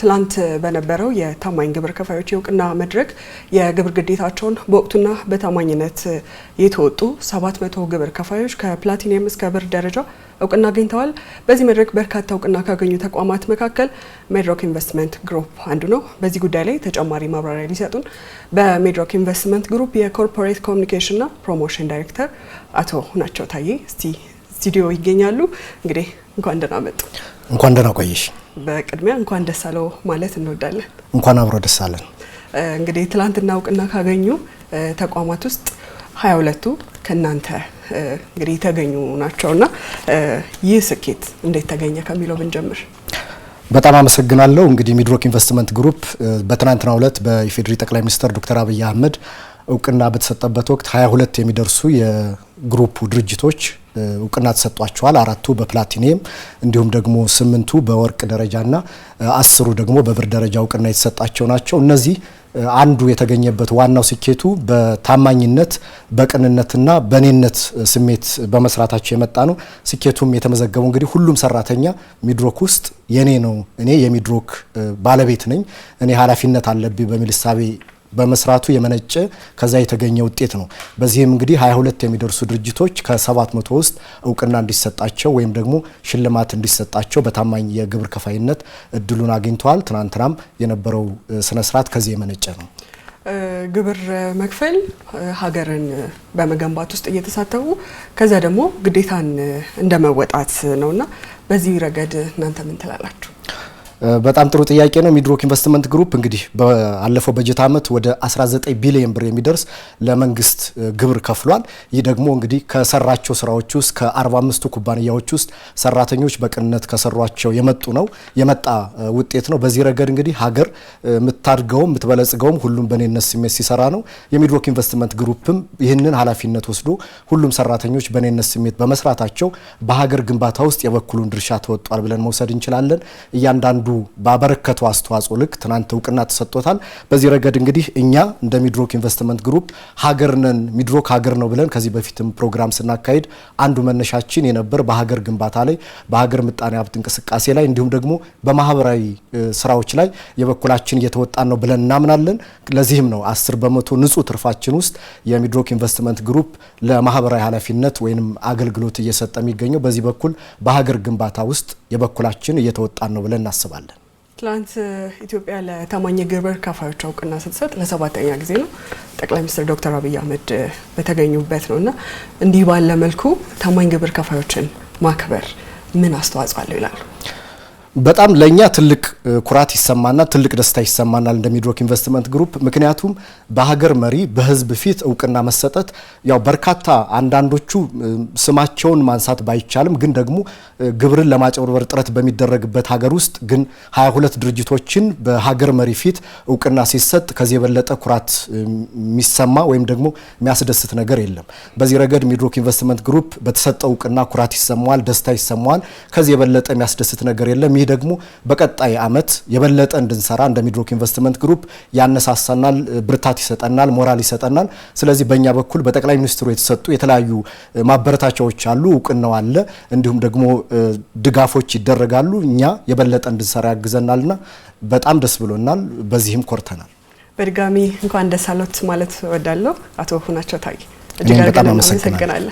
ትላንት በነበረው የታማኝ ግብር ከፋዮች የእውቅና መድረክ የግብር ግዴታቸውን በወቅቱና በታማኝነት የተወጡ 700 ግብር ከፋዮች ከፕላቲኒየም እስከ ብር ደረጃ እውቅና አግኝተዋል። በዚህ መድረክ በርካታ እውቅና ካገኙ ተቋማት መካከል ሜድሮክ ኢንቨስትመንት ግሩፕ አንዱ ነው። በዚህ ጉዳይ ላይ ተጨማሪ ማብራሪያ ሊሰጡን በሜድሮክ ኢንቨስትመንት ግሩፕ የኮርፖሬት ኮሚኒኬሽንና ፕሮሞሽን ዳይሬክተር አቶ ሁናቸው ታዬ እስቲ ስቱዲዮ ይገኛሉ። እንግዲህ እንኳን ደህና መጡ። እንኳን ደህና ቆየሽ። በቅድሚያ እንኳን ደስ አለው ማለት እንወዳለን። እንኳን አብሮ ደስ አለን። እንግዲህ ትላንትና እውቅና ካገኙ ተቋማት ውስጥ ሀያ ሁለቱ ከእናንተ እንግዲህ የተገኙ ናቸውና ይህ ስኬት እንዴት ተገኘ ከሚለው ብንጀምር። በጣም አመሰግናለሁ። እንግዲህ ሚድሮክ ኢንቨስትመንት ግሩፕ በትናንትናው ዕለት በኢፌዴሪ ጠቅላይ ሚኒስትር ዶክተር አብይ አህመድ እውቅና በተሰጠበት ወቅት ሀያ ሁለት የሚደርሱ የግሩፑ ድርጅቶች እውቅና ተሰጧቸዋል። አራቱ በፕላቲኒየም እንዲሁም ደግሞ ስምንቱ በወርቅ ደረጃና አስሩ ደግሞ በብር ደረጃ እውቅና የተሰጣቸው ናቸው። እነዚህ አንዱ የተገኘበት ዋናው ስኬቱ በታማኝነት በቅንነትና በኔነት ስሜት በመስራታቸው የመጣ ነው። ስኬቱም የተመዘገበው እንግዲህ ሁሉም ሰራተኛ ሚድሮክ ውስጥ የኔ ነው፣ እኔ የሚድሮክ ባለቤት ነኝ፣ እኔ ኃላፊነት አለብኝ በሚል እሳቤ በመስራቱ የመነጨ ከዛ የተገኘ ውጤት ነው። በዚህም እንግዲህ 22 የሚደርሱ ድርጅቶች ከ700 ውስጥ እውቅና እንዲሰጣቸው ወይም ደግሞ ሽልማት እንዲሰጣቸው በታማኝ የግብር ከፋይነት እድሉን አግኝተዋል። ትናንትናም የነበረው ስነስርዓት ከዚህ የመነጨ ነው። ግብር መክፈል ሀገርን በመገንባት ውስጥ እየተሳተፉ ከዛ ደግሞ ግዴታን እንደመወጣት ነውና በዚህ ረገድ እናንተ ምን ትላላችሁ? በጣም ጥሩ ጥያቄ ነው። ሚድሮክ ኢንቨስትመንት ግሩፕ እንግዲህ በአለፈው በጀት ዓመት ወደ 19 ቢሊዮን ብር የሚደርስ ለመንግስት ግብር ከፍሏል። ይህ ደግሞ እንግዲህ ከሰራቸው ስራዎች ውስጥ ከ45ቱ ኩባንያዎች ውስጥ ሰራተኞች በቅንነት ከሰሯቸው የመጡ ነው የመጣ ውጤት ነው። በዚህ ረገድ እንግዲህ ሀገር የምታድገውም የምትበለጽገውም ሁሉም በኔነት ስሜት ሲሰራ ነው። የሚድሮክ ኢንቨስትመንት ግሩፕም ይህንን ኃላፊነት ወስዶ ሁሉም ሰራተኞች በኔነት ስሜት በመስራታቸው በሀገር ግንባታ ውስጥ የበኩሉን ድርሻ ተወጧል ብለን መውሰድ እንችላለን እያንዳንዱ አንዱ ባበረከቱ አስተዋጽኦ ልክ ትናንት እውቅና ተሰጥቶታል። በዚህ ረገድ እንግዲህ እኛ እንደ ሚድሮክ ኢንቨስትመንት ግሩፕ ሀገር ነን ሚድሮክ ሀገር ነው ብለን ከዚህ በፊትም ፕሮግራም ስናካሄድ አንዱ መነሻችን የነበር በሀገር ግንባታ ላይ በሀገር ምጣኔ ሀብት እንቅስቃሴ ላይ እንዲሁም ደግሞ በማህበራዊ ስራዎች ላይ የበኩላችን እየተወጣን ነው ብለን እናምናለን። ለዚህም ነው አስር በመቶ ንጹህ ትርፋችን ውስጥ የሚድሮክ ኢንቨስትመንት ግሩፕ ለማህበራዊ ኃላፊነት ወይም አገልግሎት እየሰጠ የሚገኘው በዚህ በኩል በሀገር ግንባታ ውስጥ የበኩላችን እየተወጣን ነው ብለን እናስባለን። ትላንት ኢትዮጵያ ለታማኝ ግብር ከፋዮች እውቅና ስትሰጥ ለሰባተኛ ጊዜ ነው። ጠቅላይ ሚኒስትር ዶክተር አብይ አህመድ በተገኙበት ነው እና እንዲህ ባለ መልኩ ታማኝ ግብር ከፋዮችን ማክበር ምን አስተዋጽኦ አለው ይላሉ? በጣም ለእኛ ትልቅ ኩራት ይሰማናል፣ ትልቅ ደስታ ይሰማናል እንደ ሚድሮክ ኢንቨስትመንት ግሩፕ። ምክንያቱም በሀገር መሪ በህዝብ ፊት እውቅና መሰጠት ያው በርካታ አንዳንዶቹ ስማቸውን ማንሳት ባይቻልም ግን ደግሞ ግብርን ለማጭበርበር ጥረት በሚደረግበት ሀገር ውስጥ ግን 22 ድርጅቶችን በሀገር መሪ ፊት እውቅና ሲሰጥ ከዚህ የበለጠ ኩራት የሚሰማ ወይም ደግሞ የሚያስደስት ነገር የለም። በዚህ ረገድ ሚድሮክ ኢንቨስትመንት ግሩፕ በተሰጠ እውቅና ኩራት ይሰማዋል፣ ደስታ ይሰማዋል። ከዚህ የበለጠ የሚያስደስት ነገር የለም። ይህ ደግሞ በቀጣይ ዓመት የበለጠ እንድንሰራ እንደ ሚድሮክ ኢንቨስትመንት ግሩፕ ያነሳሳናል፣ ብርታት ይሰጠናል፣ ሞራል ይሰጠናል። ስለዚህ በእኛ በኩል በጠቅላይ ሚኒስትሩ የተሰጡ የተለያዩ ማበረታቻዎች አሉ፣ እውቅናው አለ፣ እንዲሁም ደግሞ ድጋፎች ይደረጋሉ። እኛ የበለጠ እንድንሰራ ያግዘናልና በጣም ደስ ብሎናል። በዚህም ኮርተናል። በድጋሚ እንኳን ደስ አሎት ማለት እወዳለሁ። አቶ ሁናቸው ታይ እጅግ አድርገን እናመሰግናለን።